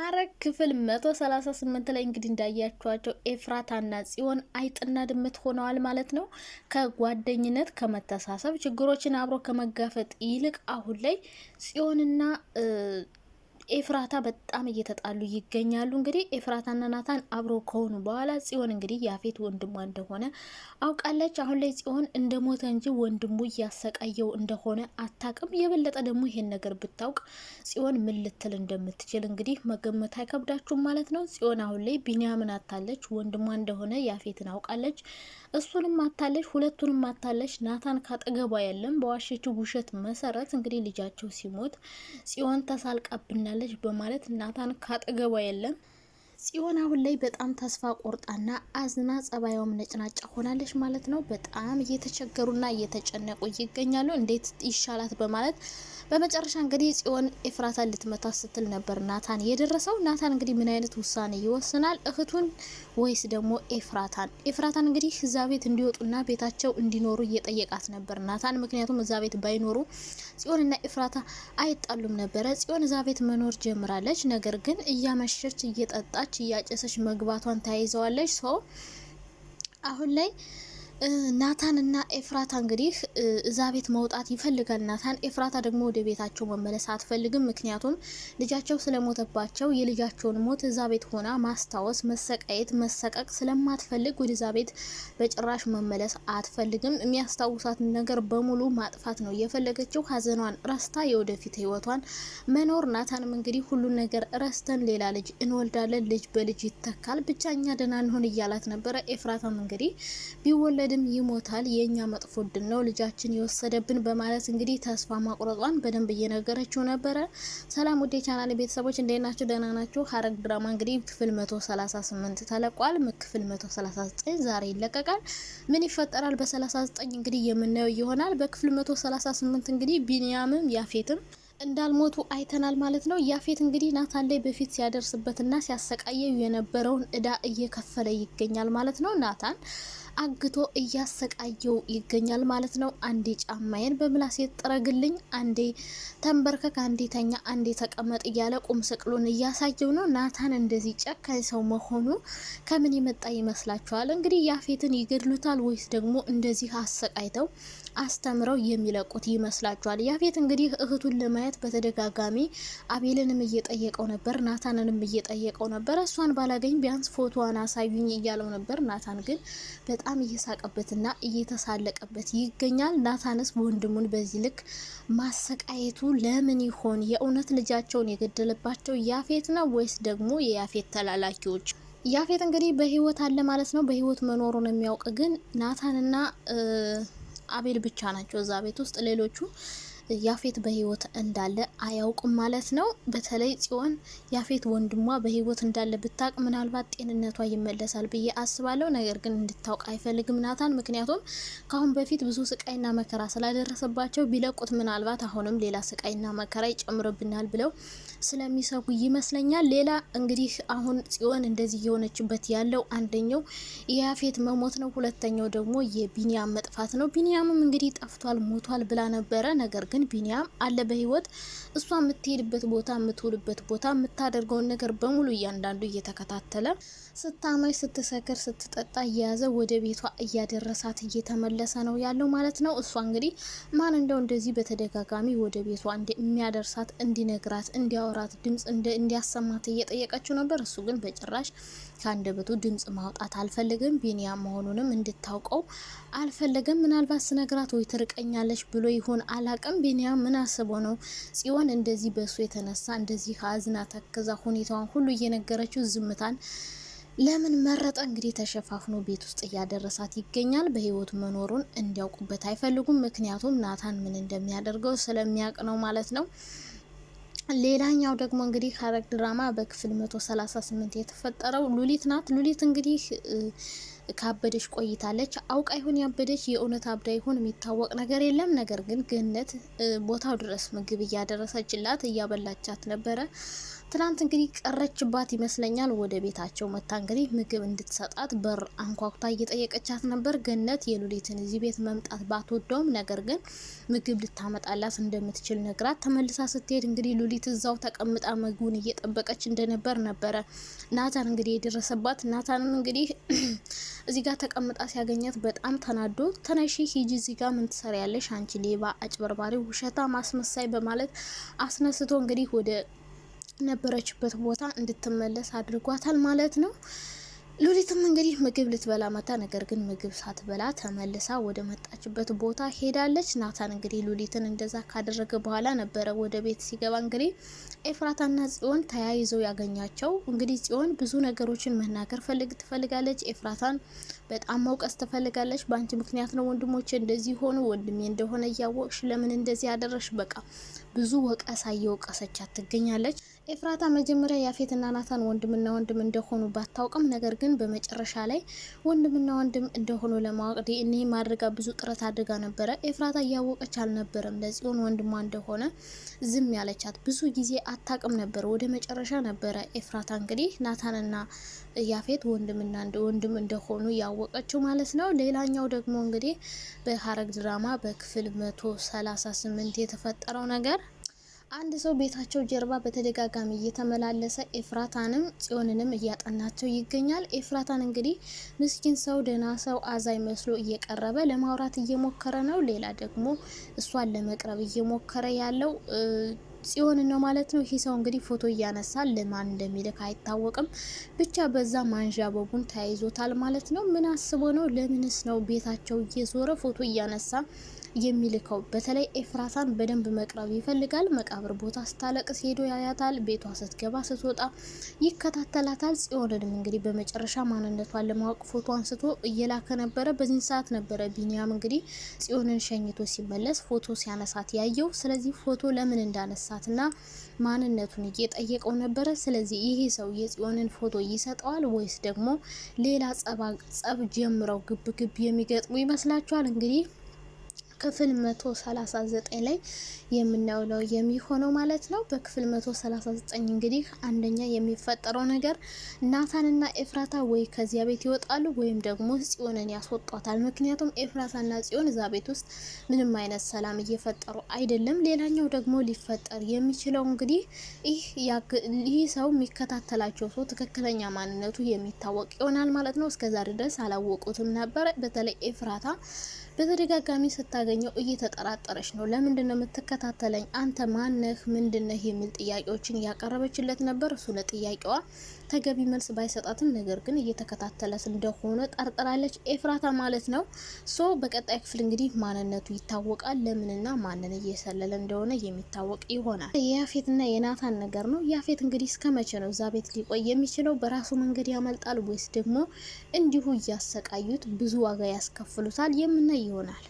ሐረግ ክፍል 138 ላይ እንግዲህ እንዳያችኋቸው ኤፍራታና ጽዮን አይጥና ድመት ሆነዋል ማለት ነው። ከጓደኝነት ከመተሳሰብ ችግሮችን አብሮ ከመጋፈጥ ይልቅ አሁን ላይ ጽዮንና ኤፍራታ በጣም እየተጣሉ ይገኛሉ። እንግዲህ ኤፍራታና ናታን አብሮ ከሆኑ በኋላ ጽዮን እንግዲህ ያፌት ወንድሟ እንደሆነ አውቃለች። አሁን ላይ ጽዮን እንደ ሞተ እንጂ ወንድሙ እያሰቃየው እንደሆነ አታቅም። የበለጠ ደግሞ ይሄን ነገር ብታውቅ ጽዮን ምን ልትል እንደምትችል እንግዲህ መገመት አይከብዳችሁም ማለት ነው። ጽዮን አሁን ላይ ቢንያምን አታለች፣ ወንድሟ እንደሆነ ያፌትን አውቃለች፣ እሱንም አታለች፣ ሁለቱንም አታለች። ናታን ካጠገቧ የለም። በዋሸችው ውሸት መሰረት እንግዲህ ልጃቸው ሲሞት ጽዮን ተሳልቃብናል ትችላለች በማለት ናታን ካጠገቧ የለም ጽዮን አሁን ላይ በጣም ተስፋ ቆርጣና አዝና ጸባዩም ነጭናጫ ሆናለች ማለት ነው። በጣም እየተቸገሩና እየተጨነቁ ይገኛሉ። እንዴት ይሻላት በማለት በመጨረሻ እንግዲህ ጽዮን ኤፍራታን ልትመታት ስትል ነበር ናታን የደረሰው። ናታን እንግዲህ ምን አይነት ውሳኔ ይወስናል? እህቱን ወይስ ደግሞ ኤፍራታን? ኤፍራታን እንግዲህ እዛ ቤት እንዲወጡና ቤታቸው እንዲኖሩ እየጠየቃት ነበር ናታን። ምክንያቱም እዛ ቤት ባይኖሩ ጽዮንና ኤፍራታ አይጣሉም ነበረ። ጽዮን እዛ ቤት መኖር ጀምራለች። ነገር ግን እያመሸች እየጠጣች እያጨሰች መግባቷን ተያይዘዋለች። አሁን ላይ ናታን እና ኤፍራታ እንግዲህ እዛ ቤት መውጣት ይፈልጋል ናታን። ኤፍራታ ደግሞ ወደ ቤታቸው መመለስ አትፈልግም። ምክንያቱም ልጃቸው ስለሞተባቸው የልጃቸውን ሞት እዛ ቤት ሆና ማስታወስ፣ መሰቃየት፣ መሰቀቅ ስለማትፈልግ ወደዛ ቤት በጭራሽ መመለስ አትፈልግም። የሚያስታውሳትን ነገር በሙሉ ማጥፋት ነው የፈለገችው። ሀዘኗን ረስታ የወደፊት ህይወቷን መኖር። ናታንም እንግዲህ ሁሉን ነገር ረስተን ሌላ ልጅ እንወልዳለን፣ ልጅ በልጅ ይተካል፣ ብቻኛ ደህና እንሆን እያላት ነበረ። ኤፍራታም እንግዲህ ቢወለ ቢወሰድም ይሞታል፣ የእኛ መጥፎ እድል ነው ልጃችን የወሰደብን በማለት እንግዲህ ተስፋ ማቁረጧን በደንብ እየነገረችው ነበረ። ሰላም ውዴ ቻናል ቤተሰቦች እንዴት ናቸው? ደህና ናቸው። ሀረግ ድራማ እንግዲህ ክፍል 138 ተለቋል። ክፍል 139 ዛሬ ይለቀቃል። ምን ይፈጠራል በ39 እንግዲህ የምናየው ይሆናል። በክፍል 138 እንግዲህ ቢንያምም ያፌትም እንዳልሞቱ አይተናል ማለት ነው። ያፌት እንግዲህ ናታን ላይ በፊት ሲያደርስበትና ሲያሰቃየው የነበረውን እዳ እየከፈለ ይገኛል ማለት ነው። ናታን አግቶ እያሰቃየው ይገኛል ማለት ነው። አንዴ ጫማዬን በምላስ ጥረግልኝ፣ አንዴ ተንበርከክ፣ አንዴ ተኛ፣ አንዴ ተቀመጥ እያለ ቁም ስቅሉን እያሳየው ነው። ናታን እንደዚህ ጨካኝ ሰው መሆኑ ከምን የመጣ ይመስላችኋል? እንግዲህ ያፌትን ይገድሉታል ወይስ ደግሞ እንደዚህ አሰቃይተው አስተምረው የሚለቁት ይመስላችኋል? ያፌት እንግዲህ እህቱን ለማየት በተደጋጋሚ አቤልንም እየጠየቀው ነበር፣ ናታንንም እየጠየቀው ነበር። እሷን ባላገኝ ቢያንስ ፎቶዋን አሳዩኝ እያለው ነበር። ናታን ግን በጣም እየሳቀበትና እየተሳለቀበት ይገኛል። ናታንስ ወንድሙን በዚህ ልክ ማሰቃየቱ ለምን ይሆን? የእውነት ልጃቸውን የገደለባቸው ያፌት ነው ወይስ ደግሞ የያፌት ተላላኪዎች? ያፌት እንግዲህ በህይወት አለ ማለት ነው። በህይወት መኖሩን የሚያውቅ ግን ናታንና አቤል ብቻ ናቸው እዛ ቤት ውስጥ። ሌሎቹ ያፌት በህይወት እንዳለ አያውቁም ማለት ነው። በተለይ ጽዮን ያፌት ወንድሟ በህይወት እንዳለ ብታቅ ምናልባት ጤንነቷ ይመለሳል ብዬ አስባለሁ። ነገር ግን እንድታውቅ አይፈልግም ናታን። ምክንያቱም ካሁን በፊት ብዙ ስቃይና መከራ ስላደረሰባቸው ቢለቁት ምናልባት አሁንም ሌላ ስቃይና መከራ ይጨምርብናል ብለው ስለሚሰጉ ይመስለኛል። ሌላ እንግዲህ አሁን ጽዮን እንደዚህ የሆነችበት ያለው አንደኛው የያፌት መሞት ነው። ሁለተኛው ደግሞ የቢኒያም መጥፋት ነው። ቢኒያምም እንግዲህ ጠፍቷል፣ ሞቷል ብላ ነበረ። ነገር ግን ቢኒያም አለ በህይወት እሷ የምትሄድበት ቦታ፣ የምትውልበት ቦታ፣ የምታደርገውን ነገር በሙሉ እያንዳንዱ እየተከታተለ ስታመሽ ስትሰክር ስትጠጣ እየያዘ ወደ ቤቷ እያደረሳት እየተመለሰ ነው ያለው ማለት ነው። እሷ እንግዲህ ማን እንደው እንደዚህ በተደጋጋሚ ወደ ቤቷ የሚያደርሳት እንዲነግራት፣ እንዲያወራት፣ ድምጽ እንዲያሰማት እየጠየቀችው ነበር። እሱ ግን በጭራሽ ከአንደበቱ ድምጽ ማውጣት አልፈልግም፣ ቢኒያም መሆኑንም እንድታውቀው አልፈልግም ምናልባት ስነግራት ወይ ትርቀኛለች ብሎ ይሆን አላቅም። ቢኒያም ምን አስቦ ነው ጽዮን እንደዚህ በእሱ የተነሳ እንደዚህ አዝና ተክዛ ሁኔታዋን ሁሉ እየነገረችው ዝምታን ለምን መረጠ እንግዲህ ተሸፋፍኖ ቤት ውስጥ እያደረሳት ይገኛል። በህይወት መኖሩን እንዲያውቁበት አይፈልጉም። ምክንያቱም ናታን ምን እንደሚያደርገው ስለሚያውቅ ነው ማለት ነው። ሌላኛው ደግሞ እንግዲህ ሐረግ ድራማ በክፍል 138 የተፈጠረው ሉሊት ናት። ሉሊት እንግዲህ ካበደች ቆይታለች። አውቃ ይሁን ያበደች የእውነት አብዳ ይሁን የሚታወቅ ነገር የለም። ነገር ግን ገነት ቦታው ድረስ ምግብ እያደረሰችላት እያበላቻት ነበረ። ትናንት እንግዲህ ቀረችባት ይመስለኛል። ወደ ቤታቸው መታ እንግዲህ ምግብ እንድትሰጣት በር አንኳኩታ እየጠየቀቻት ነበር። ገነት የሉሊትን እዚህ ቤት መምጣት ባትወደውም ነገር ግን ምግብ ልታመጣላት እንደምትችል ነግራት ተመልሳ ስትሄድ እንግዲህ ሉሊት እዛው ተቀምጣ ምግቡን እየጠበቀች እንደነበር ነበረ ናታን እንግዲህ የደረሰባት። ናታንም እንግዲህ እዚህ ጋር ተቀምጣ ሲያገኛት በጣም ተናዶ ተነሺ ሂጂ፣ እዚህ ጋር ምን ትሰሪያለሽ? አንቺ ሌባ፣ አጭበርባሪ፣ ውሸታ፣ ማስመሳይ በማለት አስነስቶ እንግዲህ ወደ ነበረችበት ቦታ እንድትመለስ አድርጓታል ማለት ነው። ሉሊትም እንግዲህ ምግብ ልትበላ መታ፣ ነገር ግን ምግብ ሳትበላ ተመልሳ ወደ መጣችበት ቦታ ሄዳለች። ናታን እንግዲህ ሉሊትን እንደዛ ካደረገ በኋላ ነበረ ወደ ቤት ሲገባ እንግዲህ ኤፍራታና ጽዮን ተያይዘው ያገኛቸው። እንግዲህ ጽዮን ብዙ ነገሮችን መናገር ፈልግ ትፈልጋለች። ኤፍራታን በጣም መውቀስ ትፈልጋለች። በአንቺ ምክንያት ነው ወንድሞች እንደዚህ ሆኑ፣ ወንድሜ እንደሆነ እያወቅሽ ለምን እንደዚህ ያደረሽ? በቃ ብዙ ወቀሳ እየወቀሰቻት ትገኛለች። ኤፍራታ መጀመሪያ ያፌትና ናታን ወንድምና ወንድም እንደሆኑ ባታውቅም ነገር ግን በመጨረሻ ላይ ወንድምና ወንድም እንደሆኑ ለማወቅ ዲኤንኤ ማድረጋ ብዙ ጥረት አድርጋ ነበረ። ኤፍራታ እያወቀች አልነበረም ለጽዮን ወንድሟ እንደሆነ ዝም ያለቻት። ብዙ ጊዜ አታቅም ነበር። ወደ መጨረሻ ነበረ ኤፍራታ እንግዲህ ናታንና ያፌት ወንድምና ወንድም እንደሆኑ ያወቀችው ማለት ነው። ሌላኛው ደግሞ እንግዲህ በሀረግ ድራማ በክፍል መቶ ሰላሳ ስምንት የተፈጠረው ነገር አንድ ሰው ቤታቸው ጀርባ በተደጋጋሚ እየተመላለሰ ኤፍራታንም ጽዮንንም እያጠናቸው ይገኛል። ኤፍራታን እንግዲህ ምስኪን ሰው ደህና ሰው አዛኝ መስሎ እየቀረበ ለማውራት እየሞከረ ነው። ሌላ ደግሞ እሷን ለመቅረብ እየሞከረ ያለው ጽዮን ነው ማለት ነው። ይሄ ሰው እንግዲህ ፎቶ እያነሳ ለማን እንደሚልክ አይታወቅም። ብቻ በዛ ማንዣበቡን ተያይዞታል ማለት ነው። ምን አስቦ ነው? ለምንስ ነው ቤታቸው እየዞረ ፎቶ እያነሳ የሚልከው? በተለይ ኤፍራታን በደንብ መቅረብ ይፈልጋል። መቃብር ቦታ ስታለቅስ ሄዶ ያያታል። ቤቷ ስትገባ ስትወጣ ይከታተላታል። ጽዮንንም እንግዲህ በመጨረሻ ማንነቷን ለማወቅ ፎቶ አንስቶ እየላከ ነበረ። በዚህ ሰዓት ነበረ ቢኒያም እንግዲህ ጽዮንን ሸኝቶ ሲመለስ ፎቶ ሲያነሳት ያየው። ስለዚህ ፎቶ ለምን እንዳነሳ እያነሳትና ማንነቱን እየጠየቀው ነበረ። ስለዚህ ይሄ ሰው የጽዮንን ፎቶ ይሰጠዋል ወይስ ደግሞ ሌላ ጸብ ጀምረው ግብ ግብ የሚገጥሙ ይመስላችኋል? እንግዲህ ክፍል 139 ላይ የምናውለው የሚሆነው ማለት ነው። በክፍል 139 እንግዲህ አንደኛ የሚፈጠረው ነገር ናታንና ኤፍራታ ወይ ከዚያ ቤት ይወጣሉ ወይም ደግሞ ጽዮንን ያስወጧታል። ምክንያቱም ኤፍራታና ጽዮን እዛ ቤት ውስጥ ምንም አይነት ሰላም እየፈጠሩ አይደለም። ሌላኛው ደግሞ ሊፈጠር የሚችለው እንግዲህ ይህ ሰው የሚከታተላቸው ሰው ትክክለኛ ማንነቱ የሚታወቅ ይሆናል ማለት ነው። እስከዛሬ ድረስ አላወቁትም ነበር። በተለይ ኤፍራታ በተደጋጋሚ ስታገኘው እየተጠራጠረች ነው። ለምንድን ነው የምትከታተለኝ? አንተ ማነህ? ምንድነህ? የሚል ጥያቄዎችን እያቀረበችለት ነበር። እሱ ለጥያቄዋ ተገቢ መልስ ባይሰጣትም ነገር ግን እየተከታተለት እንደሆነ ጠርጥራለች ኤፍራታ ማለት ነው። ሶ በቀጣይ ክፍል እንግዲህ ማንነቱ ይታወቃል። ለምንና ማንን እየሰለለ እንደሆነ የሚታወቅ ይሆናል። የያፌትና የናታን ነገር ነው። ያፌት እንግዲህ እስከ መቼ ነው እዛ ቤት ሊቆይ የሚችለው? በራሱ መንገድ ያመልጣል ወይስ ደግሞ እንዲሁ እያሰቃዩት ብዙ ዋጋ ያስከፍሉታል? የምናይ ይሆናል።